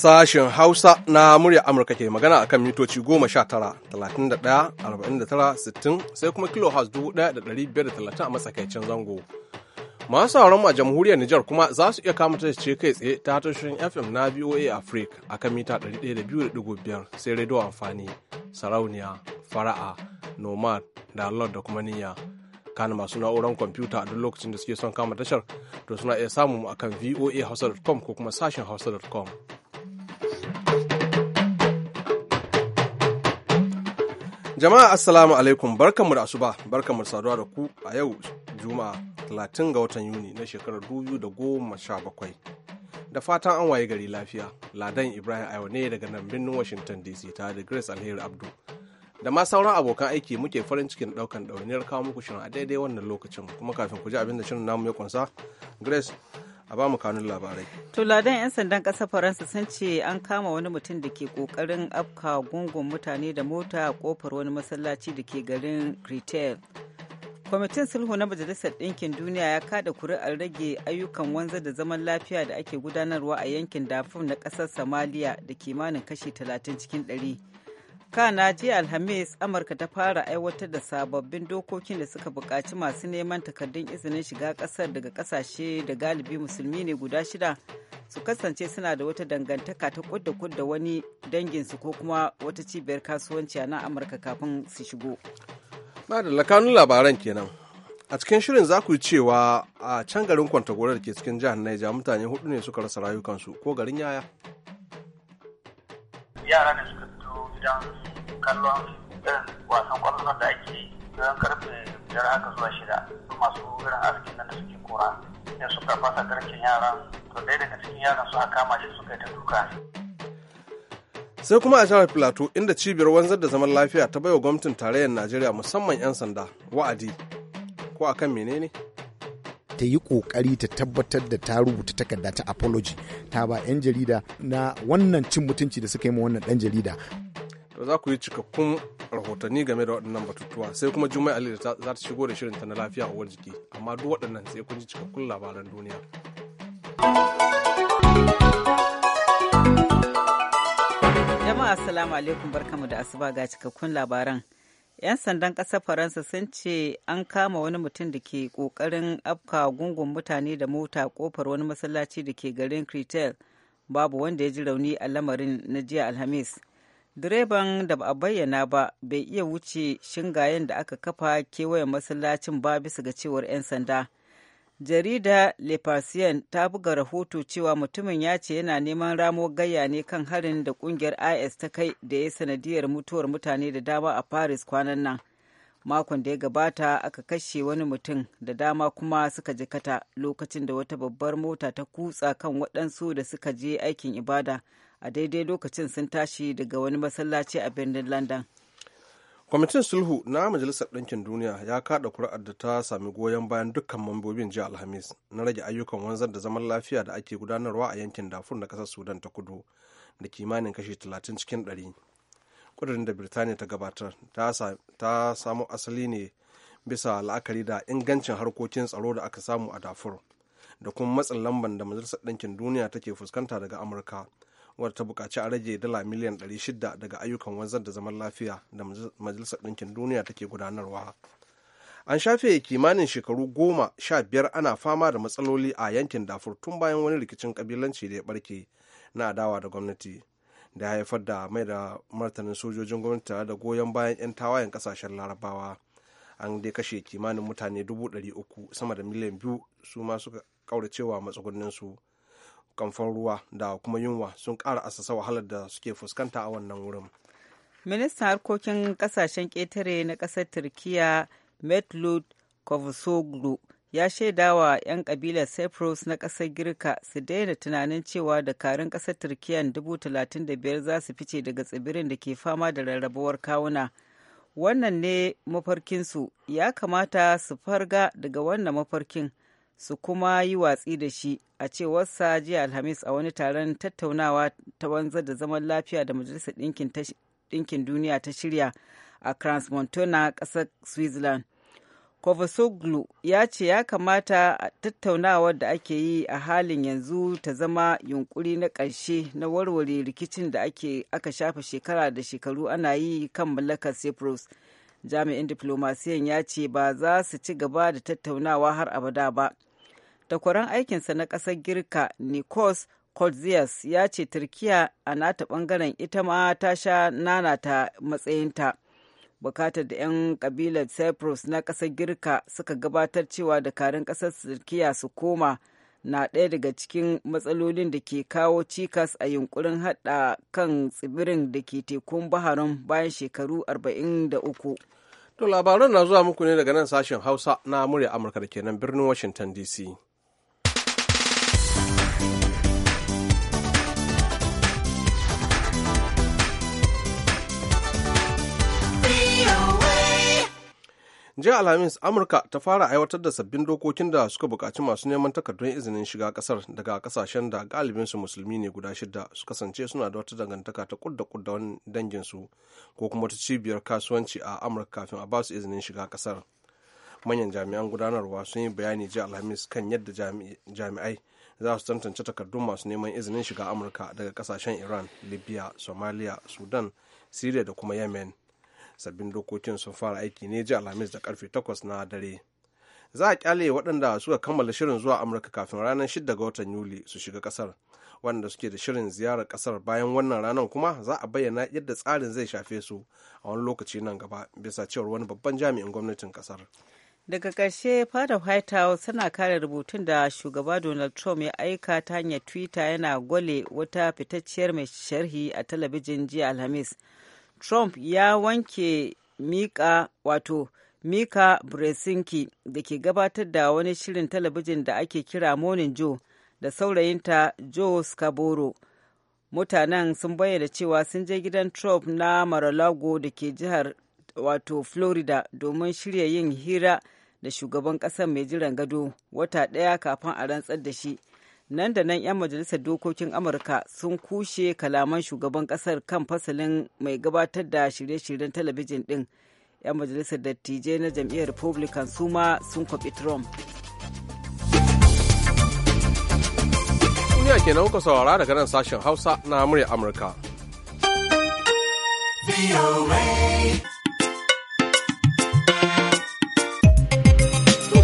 Sashen Hausa na murya Amurka ke magana a kan mitoci arba'in da tara, sittin, sai kuma kilo da 1,530 a matsakaicin zango. Masu sauran a jamhuriyar Nijar kuma za su iya kama ce kai tsaye ta tashoshin FM na VOA Africa a kan mita biyar, sai rediyo amfani, sarauniya, fara'a, nomad, download da kuma niyya. Kana masu na'urar kwamfuta a duk lokacin da suke son kama tashar to suna iya samun mu a kan voahausa.com ko kuma sashen hausa.com. Jama'a Assalamu alaikum barkanmu da asuba barkanmu mu saduwa da ku a yau Juma'a 30 ga watan Yuni na shekarar 2017. Da fatan an waye gari lafiya, Ladan Ibrahim Ayo ne daga nan birnin Washington DC tare da Grace Alheri Abdu. Da ma sauran abokan aiki muke farin cikin daukan ɗauniyar kawo muku shirin a daidai wannan lokacin kuma kafin ku ji abin da shirin namu ya kunsa, Grace a ba mu kanun labarai. Tuladan 'yan sandan ƙasar Faransa sun ce an kama wani mutum da ke ƙoƙarin afka gungun mutane da mota a ƙofar wani masallaci da ke garin Cretel. Kwamitin sulhu na Majalisar Ɗinkin Duniya ya kada kuri'ar rage ayyukan wanza da zaman lafiya da ake gudanarwa a yankin Darfur na ƙasar Somalia da kimanin kashi talatin cikin ɗari. kana jiya alhamis amurka ta fara aiwatar da sababbin dokokin da suka buƙaci masu neman takardun izinin shiga ƙasar daga ƙasashe da galibi musulmi ne guda shida su kasance suna da wata dangantaka ta kudda da wani danginsu ko kuma wata cibiyar kasuwanci a nan amurka kafin su shigo da lakanun labaran kenan a cikin shirin za ku cewa a can garin kwantagora da ke cikin jihar naija mutane hudu ne suka rasa rayukansu ko garin yaya yara ne suka gidan kallon irin wasan kwallon da ake yi don karfe biyar haka zuwa shida masu irin askin nan da suke kora ne suka fasa garkin yaran to ɗaya daga cikin yaran su kama shi suka yi ta duka sai kuma a jihar plateau inda cibiyar wanzar da zaman lafiya ta baiwa gwamnatin tarayyar najeriya musamman 'yan sanda wa'adi ko a kan menene ta yi kokari ta tabbatar da ta rubuta takarda ta apology ta ba 'yan jarida na wannan cin mutunci da suka yi ma wannan dan jarida za ku yi cikakkun rahotanni game da waɗannan batutuwa sai kuma juma'a ali za ta shigo da shirinta na lafiya uwar jiki amma duk waɗannan sai kun ji cikakkun labaran duniya jama'a assalamu alaikum barkamu da asuba ga cikakkun labaran 'yan sandan ƙasar faransa sun ce an kama wani mutum da ke ƙoƙarin afka gungun mutane da mota kofar wani masallaci da ke garin cretel babu wanda ya ji rauni a lamarin na jiya alhamis direban da ba a bayyana ba bai iya wuce shingayen da aka kafa kewayen masallacin ba bisa ga cewar 'yan sanda jarida le Parisien ta buga rahoto cewa mutumin ya ce yana neman ramo gayya ne kan harin da kungiyar is ta kai da ya sanadiyar mutuwar mutane da dama a paris kwanan nan makon da ya gabata aka kashe wani mutum da dama kuma suka jikata lokacin da wata babbar mota ta kutsa kan waɗansu da suka je aikin ibada a daidai lokacin sun tashi daga wani masallaci a birnin london kwamitin sulhu na majalisar ɗinkin duniya ya kaɗa kuri'ar da ta sami goyon bayan dukkan mambobin jiya alhamis na rage ayyukan wanzar da zaman lafiya da ake gudanarwa a yankin dafur na ƙasar sudan ta kudu da kimanin kashi 30 cikin 100 ƙudurin da birtaniya ta gabatar ta samo asali ne bisa la'akari da ingancin harkokin tsaro da aka samu a dafur da kuma matsin lamban da majalisar ɗinkin duniya take fuskanta daga amurka wadda ta buƙaci a rage dala miliyan 600 daga ayyukan wanzar da zaman lafiya da majalisar ɗinkin duniya take gudanarwa an shafe kimanin shekaru goma sha biyar ana fama da matsaloli a yankin dafur tun bayan wani rikicin kabilanci da ya barke na adawa da gwamnati da ya haifar da mai da martanin sojojin gwamnati tare da goyon bayan 'yan tawayen kasashen larabawa an dai kashe kimanin mutane dubu ɗari uku sama da miliyan biyu su ma suka kauracewa matsugunninsu kamfan ruwa da kuma yunwa sun kara asasa wahalar da suke fuskanta a wannan wurin ministan harkokin kasashen ketare na ƙasar turkiya metlud kovsoglu ya shaida wa 'yan kabilar cyprus na ƙasar girka su daina tunanin cewa dakarun ƙasar turkiya 35,000 za su fice daga tsibirin da ke fama da rarrabuwar kawuna wannan ne mafarkinsu ya kamata su farga daga wannan mafarkin su kuma yi watsi da shi a cewarsa jiya alhamis a wani taron tattaunawa ta wanzar da zaman lafiya da majalisar ɗinkin duniya ta shirya a crans montana ƙasar switzerland kovasoglu ya ce ya kamata a tattaunawar da ake yi a halin yanzu ta zama yunkuri na ƙarshe na warware rikicin da ake aka shafa shekara da shekaru ana yi kan mallakar cyprus jami'in diplomasiyan ya ce ba za su ci gaba da tattaunawa har abada ba takwaran aikinsa na kasar girka nikos kolzias ya ce turkiya a nata ɓangaren ita ma ta sha nanata matsayinta bukatar da 'yan kabilar cyprus na ƙasar girka suka gabatar cewa dakarun ƙasar turkiya su koma na ɗaya daga cikin matsalolin da ke kawo cikas a yunkurin haɗa kan tsibirin da ke tekun baharun bayan shekaru 43 to labaran na zuwa muku ne daga nan sashen hausa na murya amurka da ke nan birnin washington dc jiya alhamis amurka ta fara aiwatar da sabbin dokokin da suka buƙaci masu neman takardun izinin shiga kasar daga kasashen da galibinsu musulmi ne guda shida su kasance suna da wata dangantaka ta kudda kudda wani danginsu ko kuma ta cibiyar kasuwanci a amurka kafin a basu izinin shiga kasar manyan jami'an gudanarwa sun yi bayani jiya alhamis kan yadda jami'ai za su tantance takardun masu neman izinin shiga amurka daga kasashen iran libya somalia sudan syria da kuma yemen sabbin dokokin sun fara aiki ne ji alhamis da karfe 8 na dare za a kyale waɗanda suka kammala shirin zuwa amurka kafin ranar 6 ga watan yuli su shiga ƙasar waɗanda suke da shirin ziyarar ƙasar bayan wannan ranar kuma za a bayyana yadda tsarin zai shafe su a wani lokaci nan gaba bisa cewar wani babban jami'in gwamnatin ƙasar daga karshe fada white house tana kare rubutun da shugaba donald trump ya aika ta hanyar twitter yana gwale wata fitacciyar mai sharhi a talabijin jiya alhamis Trump ya wanke mika wato Mika Bresinki da ke gabatar da wani shirin talabijin da ake kira Morning Joe da saurayinta Joe Scaboro. Mutanen sun bayyana cewa sun je gidan Trump na maralago a da ke jihar wato Florida domin shirya yin hira da shugaban ƙasar mai jiran gado wata ɗaya kafin a rantsar da shi. nan da nan 'yan majalisar dokokin amurka sun kushe kalaman shugaban kasar kan fasalin mai gabatar da shirye-shiryen talabijin din 'yan majalisar dattijai na jam'iyyar republican su ma sun kwafi trump duniya kenan kuka saurara daga nan sashen hausa na murya amurka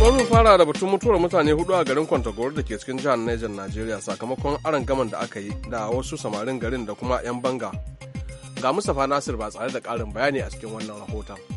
bari mu fara da batun mutuwar mutane hudu a garin kwantagoro da ke cikin jihar Niger Najeriya sakamakon aron gaman da aka yi da wasu samarin garin da kuma 'yan banga. Ga Mustapha Nasir ba tsare da ƙarin bayani a cikin wannan rahoton.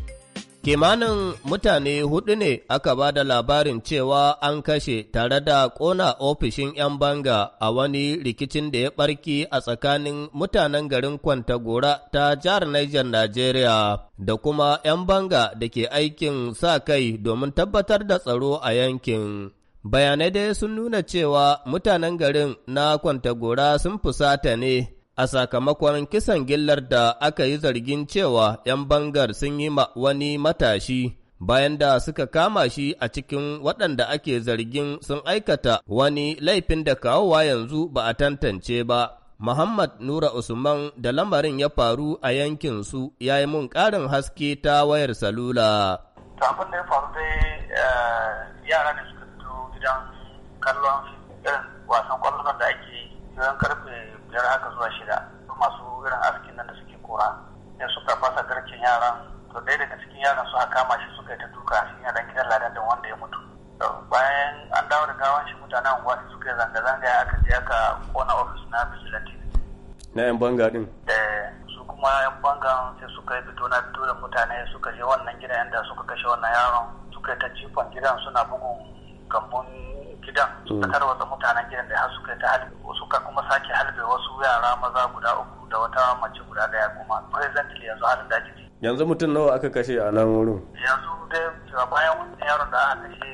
Kimanin mutane hudu ne aka ba da labarin cewa an kashe tare da ƙona ofishin 'yan banga a wani rikicin da ya ɓarki a tsakanin mutanen garin Kwantagora ta jihar Niger Najeriya da kuma 'yan banga da ke aikin sa kai domin tabbatar da tsaro a yankin. Bayanai dai sun nuna cewa mutanen garin na Kwantagora sun fusata ne. a sakamakon kisan gillar da aka yi zargin cewa 'yan bangar sun yi ma wani matashi bayan da suka kama shi a cikin waɗanda ake zargin sun aikata wani laifin da kawowa yanzu ba a tantance ba. Muhammad Nura Usman da lamarin ya faru a yankinsu ya yi mun ƙarin haske ta wayar salula. Tafin da ya faru dai eh, yara da suka fito gidan kallon irin wasan kwallon da ake yi, karfe biyar haka zuwa shida masu irin askin nan da suke kora sai suka fasa garkin yaran to ɗaya daga cikin yaran su haka kama shi suka yi ta duka shi ya dan gidan ladan da wanda ya mutu bayan an dawo da gawan shi mutanen unguwa su suka yi zanga-zanga ya aka je aka kona ofis na vigilante na yan banga din eh, su kuma yan bangan sai suka yi fito na fito da mutane suka je wannan gidan yadda suka kashe wannan yaron suka yi ta jifan gidan suna bugun gambun gidan ta mm. tarwatsa mutanen gidan da har suka ta halbe suka kuma sake halbe wasu yara maza guda uku da wata mace guda daya kuma presently yanzu halin da ake yanzu mutum nawa aka kashe a nan wurin yanzu dai bayan wannan yaron da aka kashe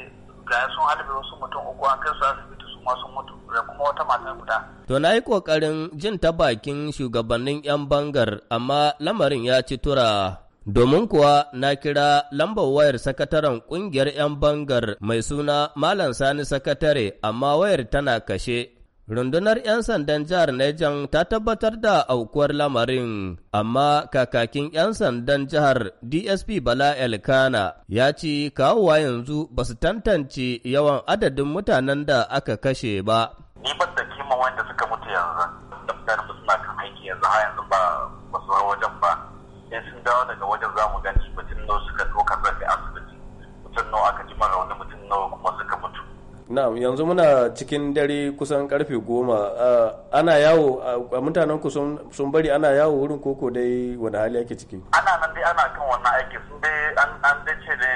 ga sun halbe wasu mutum uku an kai su asibiti su masu mutu da kuma wata mata guda to na yi kokarin jin ta bakin shugabannin yan bangar amma lamarin ya ci tura Domin kuwa na kira lambar wayar sakataren ƙungiyar 'yan bangar mai suna Malam Sani Sakatare, amma wayar tana kashe. Rundunar 'yan sandan jihar Nejan ta tabbatar da aukuwar lamarin, amma kakakin 'yan sandan jihar DSP Bala Elkana ya ci, kawowa yanzu ba su tantance yawan adadin mutanen da aka kashe ba. Ni da kima wanda suka mutu yanzu, da mutane suna kan aiki yanzu har yanzu ba su wajen in sun dawo daga wajen za mu gani mutum nawa suka ɗauka zafi asibiti mutum nawa aka ji rauni mutum nawa kuma suka mutu. na'am yanzu muna cikin dare kusan karfe goma ana yawo a mutanen ku sun bari ana yawo wurin koko dai wani hali ake ciki ana nan dai ana kan wannan aiki sun dai an dai ce dai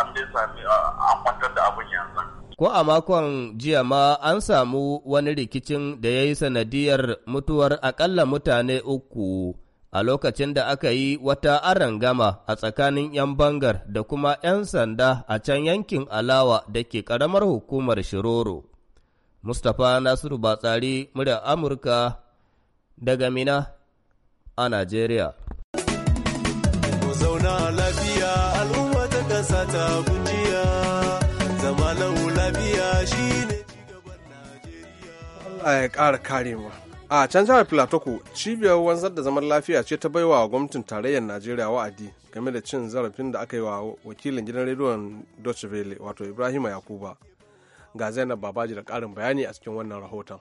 an dai sami an kwantar da abin yanzu ko a makon jiya ma an samu wani rikicin da ya yi sanadiyar mutuwar akalla mutane uku a lokacin da aka yi wata gama a tsakanin 'yan bangar da kuma 'yan sanda a can yankin Alawa da ke ƙaramar hukumar Shiroro. Mustapha Nasiru Batsari, murya Amurka daga Mina a Najeriya. zauna lafiya al'umma ta ta kujiya, zama lafiya shi ne cigaban Najeriya. Allah ya ƙara karewa. a can jihar platoko cibiyar wanzar da zaman lafiya ce ta baiwa gwamnatin tarayyar najeriya wa'adi game da cin zarafin da aka yi wa wakilin gidan rediyon deutsche welle wato ibrahima yakuba ga zainab babaji da ƙarin bayani a cikin wannan rahoton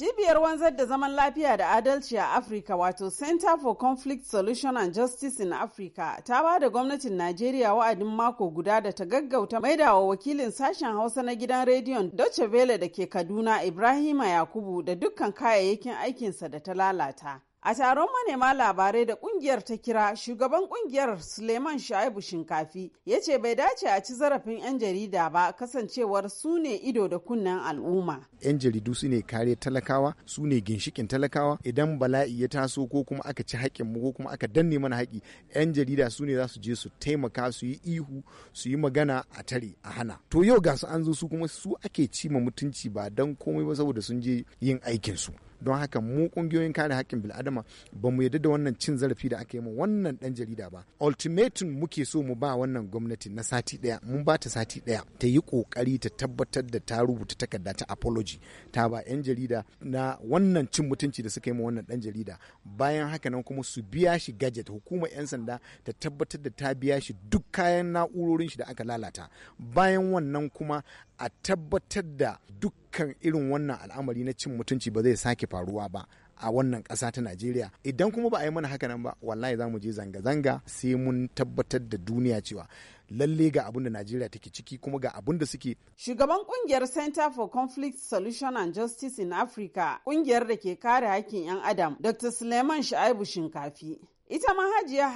Cibiyar wanzar da zaman lafiya da adalci a Afirka wato Center for Conflict Solution and Justice in Africa ta ba da gwamnatin Najeriya wa'adin mako guda da ta gaggauta wa wakilin sashen Hausa na gidan rediyon Deutsche Welle da ke Kaduna Ibrahima Yakubu da dukkan kayayyakin aikinsa da ta lalata. A taron manema labarai da kungiyar ta kira shugaban kungiyar Suleiman Shaibu Shinkafi ya ce bai dace a ci zarafin 'yan jarida ba kasancewar su ne ido da kunnen al'umma. 'Yan jaridu su ne kare talakawa su ne ginshikin talakawa idan bala'i ya taso ko kuma aka ci haƙƙin mu ko kuma aka danne mana haƙƙi 'yan jarida su ne za su je su taimaka su yi ihu su yi magana a tare a hana. To yau ga su an zo su kuma su ake ci ma mutunci ba don komai ba saboda sun je yin aikinsu. don haka mu kungiyoyin kare haƙƙin bil'adama ba mu yadda da wannan cin zarafi da aka yi mu wannan dan jarida ba ultimatum muke so mu ba wannan gwamnati na sati ɗaya mun ba ta sati ɗaya ta yi ƙoƙari ta tabbatar da ta rubuta takarda ta apology ta ba 'yan jarida na wannan cin mutunci da suka yi ma wannan dan jarida bayan haka nan kuma su biya shi gadget hukumar 'yan sanda ta tabbatar da ta biya shi duk kayan na'urorin shi da aka lalata bayan wannan kuma a tabbatar da duk dukkan irin wannan al'amari na cin mutunci ba zai sake faruwa ba a wannan ƙasa ta Najeriya idan kuma ba a yi mana haka nan ba wallahi za mu je zanga-zanga sai mun tabbatar da duniya cewa lalle ga abin da Najeriya take ciki kuma ga abin da suke. Shugaban kungiyar Center for Conflict Solution and Justice in Africa kungiyar da ke kare hakkin 'yan Adam Dr. Suleiman Sha'ibu Shinkafi Ita ma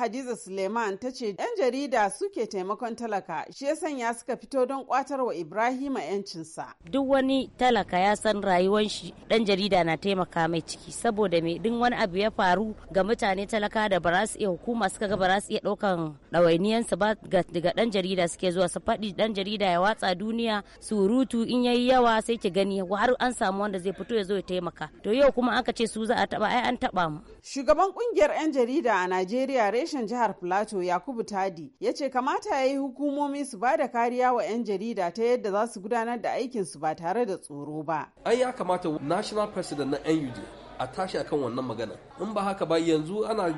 Hadiza Suleiman ta ce 'yan jarida suke taimakon talaka shi ya sanya suka fito don kwatar wa Ibrahima 'yancinsa. Duk wani talaka ya san rayuwar shi ɗan jarida na taimaka mai ciki saboda mai duk wani abu ya faru ga mutane talaka da ba su iya hukuma suka ga ba su iya ɗaukan ɗawainiyansa ba daga ɗan jarida suke zuwa su faɗi ɗan jarida ya watsa duniya surutu in yayi yawa sai ki gani har an samu wanda zai fito ya zo ya taimaka to yau kuma aka ce su za a taɓa ai an taɓa mu. Shugaban ƙungiyar 'yan jarida a Najeriya reshen jihar Plateau Yakubu Tadi ya ce kamata ya yi hukumomi su ba da kariya wa 'yan jarida ta yadda za su gudanar da aikinsu ba tare da tsoro ba. Ai ya kamata National President na NUD a tashi akan wannan magana. In ba haka ba yanzu ana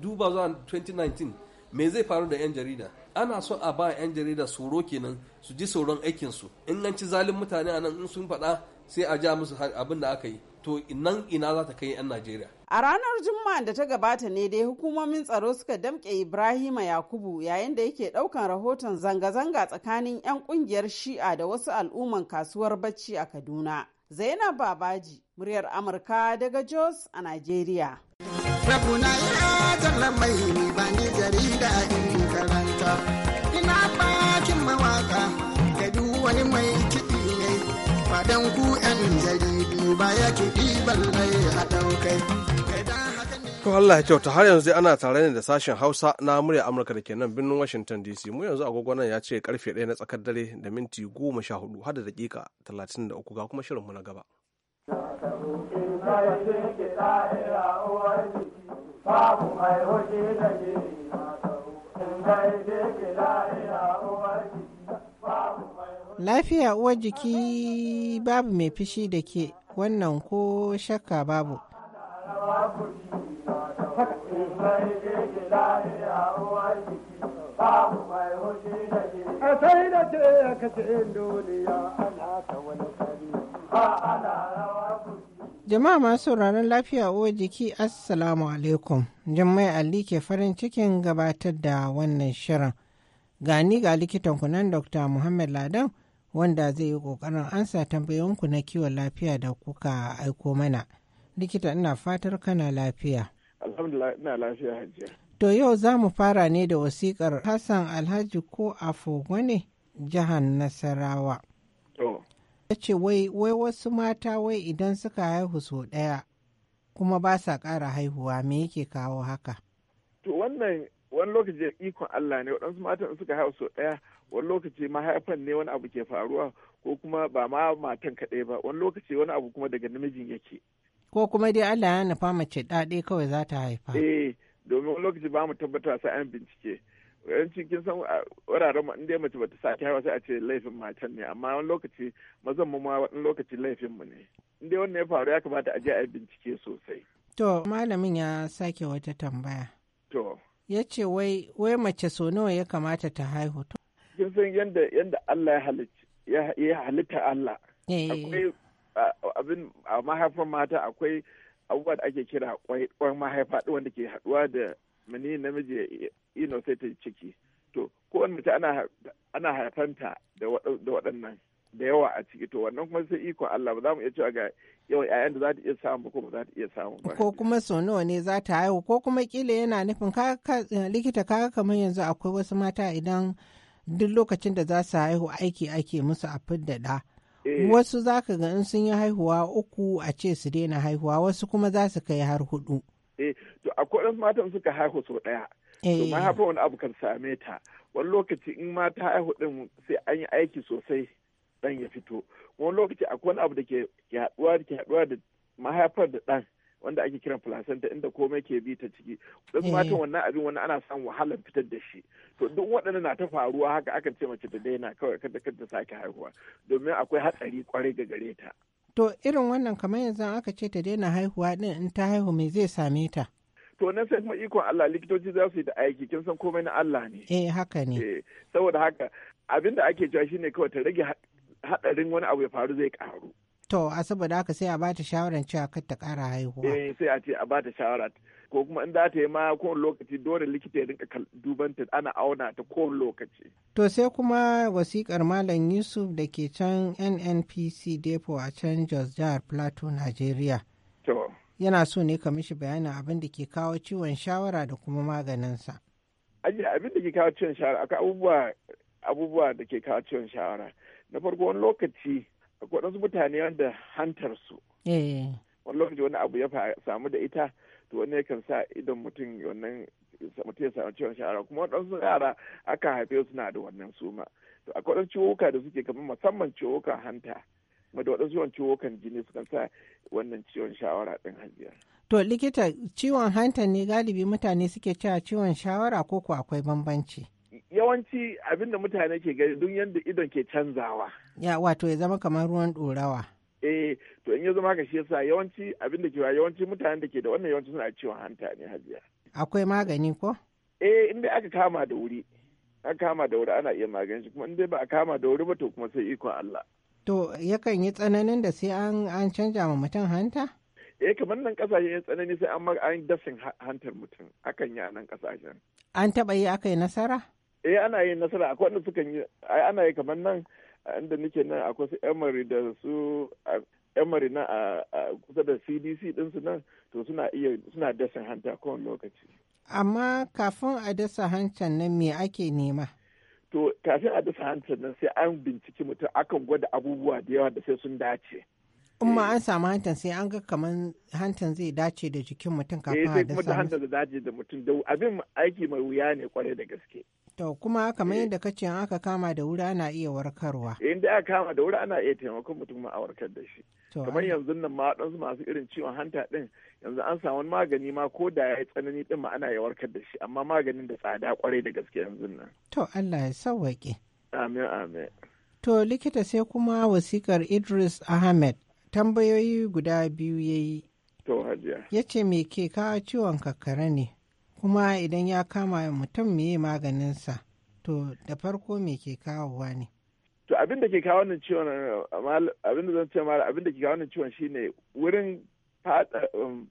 duba zuwa 2019 me zai faru da 'yan jarida? ana so a ba 'yan jarida tsoro kenan su ji tsoron aikinsu in an zalin mutane a nan in sun faɗa sai a ja musu abin da aka yi to nan ina za ta kai 'yan najeriya A ranar Juma'a da ta gabata ne dai hukumomin tsaro suka damƙe Ibrahima Yakubu yayin da yake ɗaukan rahoton zanga-zanga tsakanin 'yan kungiyar Shi'a da wasu al'umman kasuwar bacci a Kaduna. Zainab Babaji, muryar Amurka daga Jos a Najeriya. Rabuna ya ba ni jarida in karanta. fadan ku 'yan jaridu ba yake ɗiban mai haɗaukai. To Allah ya kyauta har yanzu ana tare ne da sashen Hausa na murya Amurka da ke nan birnin Washington DC. Mu yanzu agogo nan ya ce karfe 1 na tsakar dare da minti 14 har da dakika 33 ga kuma shirinmu na gaba. Babu mai hoji da ke in dai ke la'ira uwarki babu mai Lafiya uwar jiki babu mai fishi da ke wannan ko shakka babu. Jama'a masu ranar lafiya uwar jiki Assalamu alaikum. Jummai Ali ke farin cikin gabatar da wannan shirin. Gani ga likitan kunan Dr. Muhammad Ladan. wanda zai yi ƙoƙarin ansa tambayonku na kiwon lafiya da kuka aiko mana. Likita ina fatar kana lafiya. Alhamdulillah ina lafiya hajiya. To yau za mu fara ne da wasikar Hassan Alhaji ko ne jihan Nasarawa. To. Ya ce wai wasu mata wai idan suka haihu sau ɗaya kuma ba sa ƙara haihuwa me yake kawo haka? To wannan wani lokaci ikon Allah ne waɗansu matan suka haihu sau ɗaya wani lokaci mahaifan ne wani abu ke faruwa ko kuma ba ma matan kaɗai ba wani lokaci wani abu kuma daga namijin yake ko kuma dai Allah ya nufa mace ɗaɗe kawai za ta haifa eh domin wani lokaci ba mu tabbata sai an bincike yawanci kin san wuraren in dai mace bata sake haifa sai a ce laifin matan ne amma wani lokaci mazan mu ma wani lokaci laifin mu ne in dai wannan ya faru ya kamata a je a bincike sosai to malamin ya sake wata tambaya to ya ce wai wai mace so nawa ya kamata ta haihu kin san yanda yanda Allah ya halitta Allah eh. akwai abin a mahaifar mata akwai abubuwa da ake kira kwan mahaifa wanda ke haduwa da mani namiji ino sai ta ciki to kowane mace ana haifanta da waɗannan da yawa a ciki to wannan kuma sai iko Allah ba za mu iya cewa ga yawan ƴaƴan da za ta iya samu ko ba za ta iya samu ba ko kuma so nawa ne za ta haihu ko kuma kila yana nufin ka likita ka kamar yanzu akwai wasu mata idan duk lokacin da za su haihu aiki ake musu a fidda ɗa. Eh. Wasu za ka ga in sun yi haihuwa uku a ce su daina haihuwa wasu kuma za su kai har hudu. Eh, to akwai matan suka haihu sau ɗaya. To eh. mahaifa wani abu kan same ta. Wani lokaci in mata haihu ɗin sai an yi aiki sosai ɗan ya fito. Wani lokaci akwai wani abu da ke da ke haɗuwa da mahaifar da ɗan. wanda ake kiran placenta inda komai ke bi ta ciki duk matan eh. wannan abin wani ana san wahalar fitar da shi to duk waɗanda na ta faruwa haka aka ce mace ta daina kawai kada kada sake haihuwa domin akwai hatsari kwarai ga gare ta to irin wannan kamar yanzu aka ce ta daina haihuwa din in ta haihu me zai same ta to nan sai kuma ikon Allah likitoci za su yi da aiki kin san komai na Allah ne eh haka ne eh, saboda haka abinda ake cewa shine kawai ta rage hadarin wani abu ya faru zai karu to a saboda haka sai a bata shawaran a kar ta kara haihuwa eh sai a ce a bata shawara ko kuma in za ta yi ma kowane lokaci dole likita ya rinka duban ta ana auna ta kowane lokaci to sai kuma wasikar malam yusuf da ke can nnpc depo a can jos jihar plateau nigeria to yana so ne ka mishi bayanin abin da ke kawo ciwon shawara da kuma maganinsa abin da ke kawo ciwon shawara akwai abubuwa abubuwa da ke kawo ciwon shawara na farko wani lokaci waɗansu mutane wanda hantarsu eh. wani lokaci wani abu ya samu da ita to wani yakan sa idan mutum wannan mutum ya samu ciwon shara kuma waɗansu yara aka haife suna da wannan suma to akwai waɗansu ciwuka da suke kamar musamman ciwukan hanta da waɗansu yawan ciwukan jini sukan sa wannan ciwon shawara ɗin hajiya. To likita ciwon hanta ne galibi mutane suke cewa ciwon shawara ko ko akwai bambanci? yawanci abin da mutane ke gani duk yadda idon ke canzawa. Ya wato ya zama kamar ruwan ɗorawa. Eh to in ya zama haka shi yasa yawanci abin da ke wa yawanci mutanen da ke da wannan yawanci suna ciwon hanta ne hajiya. Akwai magani ko? Eh in dai aka kama da wuri. Aka kama da wuri ana iya magani shi kuma in dai ba a kama da wuri ba to kuma sai ikon Allah. To yakan yi tsananin da sai an an canja ma mutum hanta? eh kamar nan kasashe ya tsanani sai an dasin hantar mutum akan yi a nan kasashen. An taɓa yi aka yi nasara? eh ana yin nasara akwai wanda suka yi ana yi kamar nan inda nake nan akwai su emery da su emery na a kusa da cdc su nan to suna iya suna dasa hanta kowane lokaci amma kafin a dasa hancan nan me ake nema to kafin a dasa hancan nan sai an binciki mutum akan gwada abubuwa da yawa da sai sun dace in ma eh. an samu hantan sai an ga kamar hantan zai dace da jikin mutum kafin eh, a dasa hantan da dace da mutum da abin aiki mai wuya ne kwarai da gaske To kuma kamar eh. yadda ka ce aka kama da wuri ana iya warkarwa. In da aka kama da wuri ana iya taimakon mutum ma a warkar da shi. Kamar yanzu nan ma ɗansu masu irin ciwon hanta ɗin yanzu an samu magani ma ko da ya tsanani ɗin ma ana iya warkar da shi amma maganin da tsada kwarai da gaske yanzu nan. To Allah ya sawwaƙe. Amin amin. To likita sai kuma wasikar Idris Ahmed tambayoyi guda biyu yayi yi. To hajiya. Ya ce me ke kawo ciwon kakkare ne? kuma idan ya kama mutum maganin maganinsa to da farko me ke kawowa ne to abin da ke kawo wannan ciwon uh, abin da zan ce mara abin da ke kawo wannan ciwon shine wurin fata um,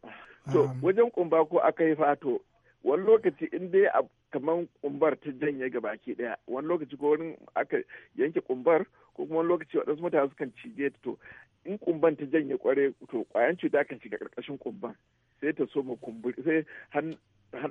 to ah. wajen kumba ko aka yi fato wani lokaci in dai kamar kumbar ta janye ga baki daya wani lokaci ko wurin aka yanke kumbar ko kuma wani lokaci wadansu mutane sukan cije ta to in kumban ta janye kware to kwayan cuta kan shiga ƙarƙashin kumban sai ta so mu kumburi sai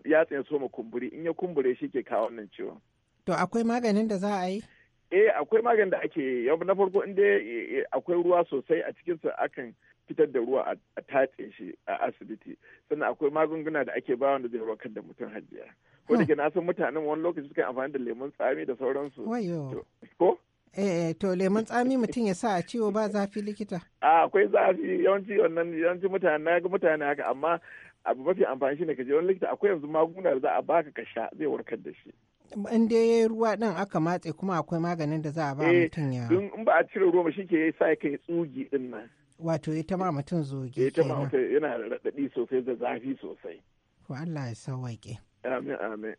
yatsa ya soma kumburi in ya kumbure shi ke kawo wannan ciwon. To akwai maganin da za a yi? Eh akwai maganin da ake yau na farko in dai eh, eh, akwai ruwa sosai a su akan fitar da ruwa a tatse shi a asibiti sannan akwai magunguna da ake bawa wanda zai warkar da mutum hajiya. Ko da hmm. na san mutanen wani lokaci suka amfani da lemun tsami da sauransu. Wayo. Ko? Eh, eh to lemun tsami mutum ya sa a ciwo ba zafi likita. akwai zafi yawanci wannan yawanci mutane na ga mutane haka amma abu mafi amfani shi ne ka je wani likita akwai yanzu magunguna da za a baka ka sha zai warkar da shi in dai yayi ruwa ɗin aka matse kuma akwai maganin da za a ba eh, mutum ya in ba a cire ruwa shi ke sa ya kai tsugi ɗin nan wato ya ma mutum zogi ya eh, ma mutum yana raɗaɗi sosai da zafi sosai to Allah ya sawaƙe amin amin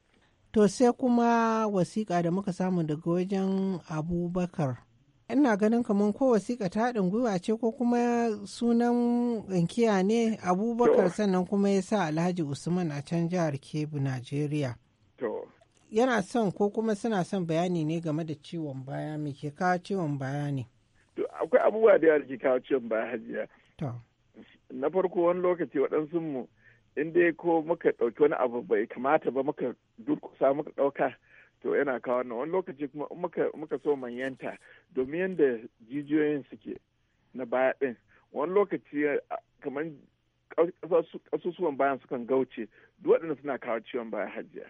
to sai kuma wasiƙa da muka samu daga wajen Abubakar ina ganin kamar ko wasiƙa ta haɗin gwiwa ce ko kuma sunan inkiya ne abubakar sannan kuma ya sa alhaji usman a can jihar kebbi najeriya yana son ko kuma suna son bayani ne game da ciwon baya mai ke kawo ciwon baya ne akwai abubuwa da yawa ke kawo ciwon baya hajiya na farko wani lokaci waɗansu mu in dai ko muka ɗauki wani abu bai kamata ba muka durkusa muka ɗauka to yana kawo wannan wani lokaci kuma muka so manyanta domin yadda jijiyoyin suke na baya ɗin wani lokaci eh, kamar ƙasusuwan bayan sukan gauce duk waɗanda suna kawo ciwon baya hajiya.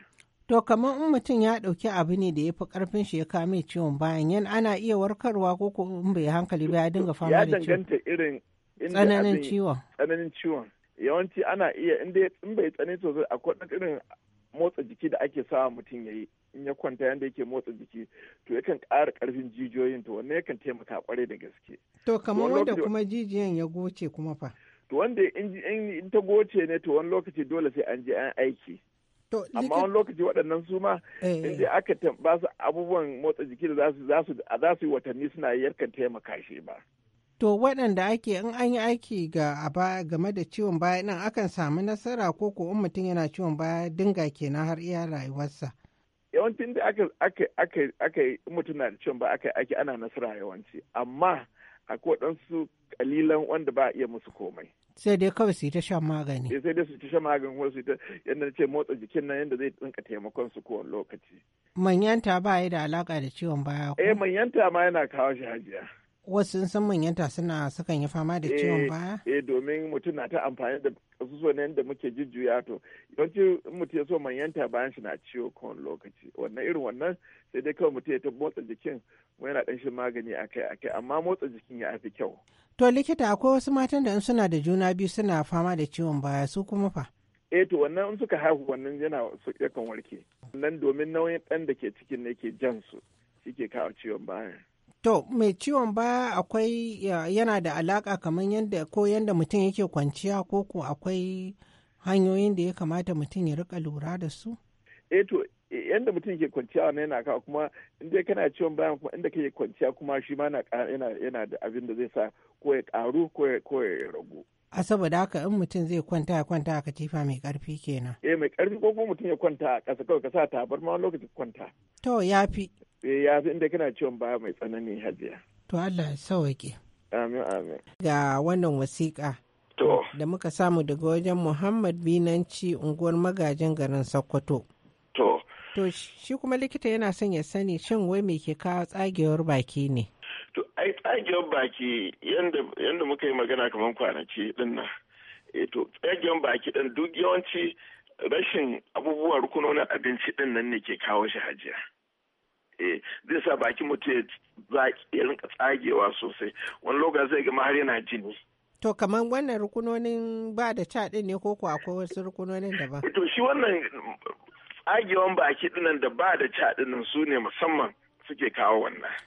To kamar in mutum ya ɗauki abu ne da ya fi ƙarfin shi ya kame ciwon bayan yan ana iya warkarwa ko ko in bai hankali ba ya dinga fama da ciwon. Ya danganta irin tsananin ciwon. Yawanci ana iya in bai tsanani sosai akwai irin motsa jiki da ake sawa mutum ya yi in ya kwanta yadda yake motsa jiki to yakan ƙara ƙarfin jijiyoyin to wannan yakan taimaka kwarai da gaske to kamar wanda kuma jijiyan ya goce kuma fa to wanda in ta goce ne to wani lokaci dole sai an je an aiki amma wani lokaci waɗannan su ma eh, eh. inda aka ba su abubuwan motsa jiki da za su yi watanni suna yarkan taimaka shi ba to waɗanda ake in an yi aiki ga aba game da ciwon baya nan akan samu nasara ko ko in mutum yana ciwon baya dinga kenan har iya rayuwarsa yawancin da aka aka aka aka mutum na da ciwon ba aka ake ana nasara yawanci amma akwai waɗansu kalilan wanda ba a iya musu komai sai dai kawai su yi ta shan magani eh, sai dai su ta shan magani ko su ta yadda ce motsa jikin nan yadda zai ɗinka taimakon su kowane lokaci manyanta ba ya da alaka da ciwon baya eh manyanta ma yana kawo shi hajiya wasu sun manyanta suna sukan yi fama da ciwon eh, baya? Eh domin mutum na ta amfani da kasusuwan da muke jujjuya to yawanci mutum ya so manyanta bayan shi na ciwo kowane lokaci wannan irin wannan sai dai kawai mutum ya ta motsa jikin mu yana dan shi magani a kai amma motsa jikin ya fi kyau. To likita akwai wasu matan da in suna da juna biyu suna fama da ciwon baya su kuma fa? eh to wannan in suka haihu wannan yana yakan warke nan domin nauyin ɗan da ke cikin ne ke jan su shi ke kawo ciwon bayan To, mai ciwon baya akwai yana da alaka kamar yadda ko yadda mutum yake kwanciya ko ko akwai hanyoyin da ya kamata mutum ya rika lura da su? Eh to, yadda mutum yake kwanciya wannan yana kawo kuma inda kana ciwon bayan kuma inda kake kwanciya kuma shi ma yana da abin da zai sa ko ya karu ko ya ragu. a saboda haka in mutum zai kwanta ya kwanta a katifa mai karfi kenan eh mai karfi ko kuma mutum ya kwanta a ƙasa kawai ka sa tabarma wani lokaci kwanta to ya fi eh ya fi inda kana ciwon baya mai tsanani hajiya to Allah ya sauke amin amin ga wannan wasiƙa to da muka samu daga wajen Muhammad Binanci unguwar magajin garin Sokoto to to shi kuma likita yana son ya sani shin wai me ke kawo tsagewar baki ne To, ai tsagewar baki yadda muka yi magana kamar kwanaki din nan. Eh to, tsagewar baki din duk yawanci rashin abubuwan rukunonin abinci din nan ne ke kawo shi hajiya. E, zai sa baki mutum ya rinka tsagewa sosai. Wani lokaci zai gama har yana jini. To, kamar wannan rukunonin ba da ca din ne ko ko wasu rukunonin daban? To, shi wannan tsagewan baki nan da ba da ca su ne musamman suke kawo wannan.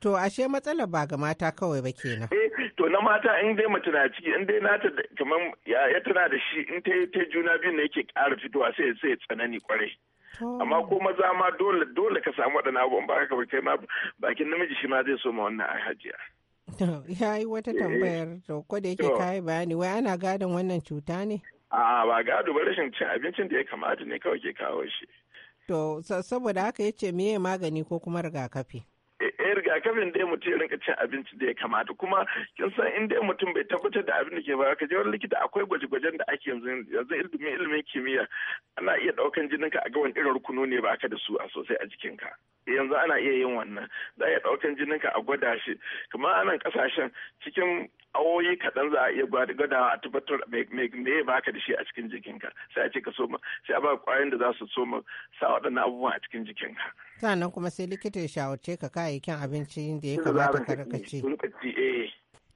To ashe matsalar ba ga mata kawai ba kenan. Eh to na mata in dai mace na ciki in dai nata kamar ya tana da shi in ta ta juna biyu ne yake ƙara fitowa sai sai tsanani kwarai. Amma ko maza ma dole dole ka samu waɗannan abubuwan ba ka kai ma bakin namiji shi ma zai so ma wannan hajiya. Ya yi wata eh. tambayar to ko da yake kai bayani wai ana gadon wannan cuta ne? A'a ba gado ba rashin cin abincin da ya kamata ne kawai ke kawo shi. To saboda haka ya ce meye magani ko kuma rigakafi? yi rigakafin dai mutum ya rinka cin abinci da ya kamata kuma kin san in dai mutum bai tabbatar da abin da ke ba ka je wani likita akwai gwaje-gwajen da ake yanzu yanzu ilimin ilimin kimiyya ana iya daukan jininka a ga wani irin rukunu ne ba ka da su a sosai a jikinka. yanzu ana iya yin wannan za a iya ɗaukan ka a gwada shi kuma anan ƙasashen cikin awoyi kaɗan za a iya gwadawa a tabbatar me baka da shi a cikin jikinka sai a ce ka soma sai a ba kwayoyin da za su soma sa waɗannan abubuwa a cikin jikinka. sannan kuma sai likita ya shawarce ka kayayyakin abinci da ya kamata ka raka ci. Eh.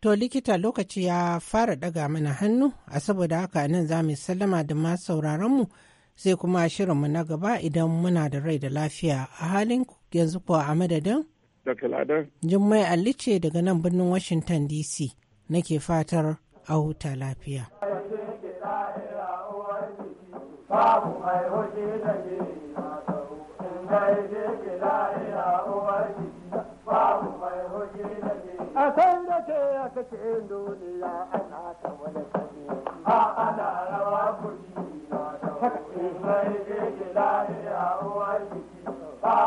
To likita lokaci ya fara daga mana hannu a saboda haka nan za mu sallama da masu sauraronmu mu sai kuma shirinmu na gaba idan muna da rai da lafiya a halin yanzu kuwa a madadin jummai alice daga nan birnin washington dc nake fatar a huta lafiya a kan da ke duniya ana ta wani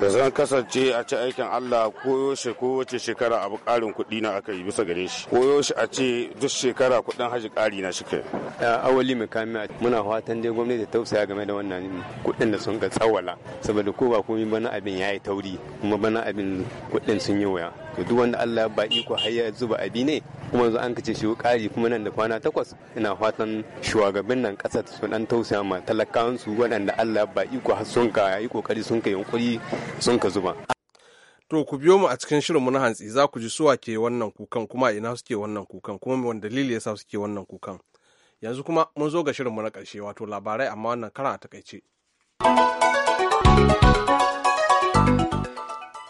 da zan kasance a ci aikin Allah koyo shi kowace shekara abu karin kuɗi na aka yi bisa gare shi koyo shi a ce duk shekara kuɗin haji ƙari na a awali mai kamiya muna fatan dai gwamnati ta tausaya game da wannan kuɗin da sun ka tsawala saboda ko ba komai bana abin yayi tauri kuma bana abin kuɗin sun yi waya to duk wanda Allah ba iko har ya zuba abi ne kuma yanzu an kace shi kari kuma nan da kwana takwas ina fatan shugabannin nan kasar su dan tausaya ma talakawan su waɗanda Allah ba iko har sun ka yi kokari sun ka yunkuri sun ka zuba to ku biyo mu a cikin shirin mu na hantsi za ku ji suwa ke wannan kukan kuma ina suke wannan kukan kuma wanda dalili yasa suke wannan kukan yanzu kuma mun zo ga shirin mu na ƙarshe wato labarai amma wannan karan a takaice.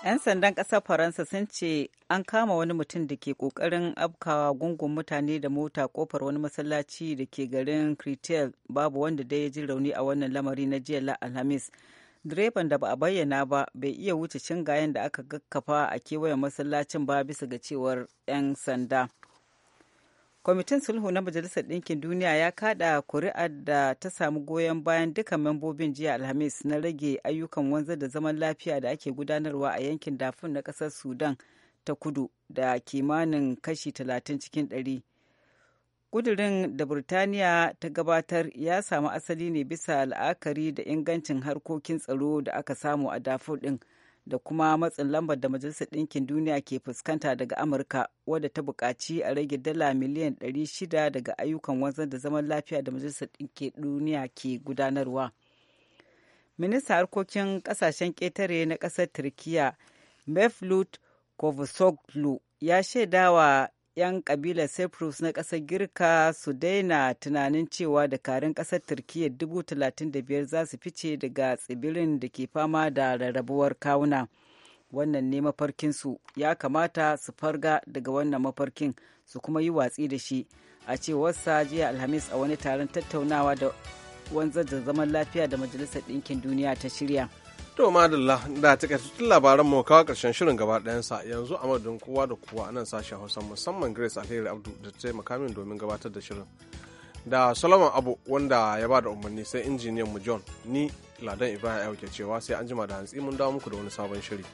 'Yan sandan ƙasar Faransa sun ce an kama wani mutum da ke ƙoƙarin abkawa gungun mutane da mota ƙofar wani masallaci da ke garin critel babu wanda dai ya ji rauni a wannan lamari na jiya Alhamis. Direban da ba a bayyana ba bai iya wuce shingayen da aka gakkafa a kewayen masallacin ba bisa ga cewar 'yan sanda. kwamitin sulhu na majalisar ɗinkin duniya ya kaɗa kuri'ar da ta samu goyon bayan duka membobin jiya alhamis na rage ayyukan wanzar da zaman lafiya da ake gudanarwa a yankin dafin na ƙasar sudan ta kudu da kimanin kashi 30 cikin ɗari. ƙudurin da burtaniya ta gabatar ya samu asali ne bisa la'akari da ingancin harkokin tsaro da aka samu a dafur ɗin. da kuma matsin lambar da majalisar ɗinkin duniya ke fuskanta daga amurka wadda ta buƙaci a rage dala miliyan 600 daga ayyukan wanzar da zaman lafiya da majalisar ɗinkin duniya ke gudanarwa minista harkokin ƙasashen ƙetare na ƙasar turkiya mevlut kovsoglu ya shaida wa 'yan kabilar cyprus na ƙasar girka su daina tunanin cewa dakarun ƙasar turkiyya dubu 35,000 za su fice daga tsibirin da ke fama da rarrabuwar kawuna wannan ne mafarkinsu ya kamata su farga daga wannan mafarkin su kuma yi watsi da shi a cewarsa jiya alhamis a wani taron tattaunawa da wanzar da zaman lafiya da majalisar ɗinkin duniya ta shirya. To madalla da takaitattun labaran mu kawo karshen shirin gaba sa yanzu a madadin kowa da kowa a nan sashen Hausa musamman Grace Alheri Abdu da ta taimaka domin gabatar da shirin. Da Solomon Abu wanda ya ba da umarni sai injiniyan mu John ni Ladan Ibrahim Ayo ke cewa sai an jima da hantsi mun dawo muku da wani sabon shiri.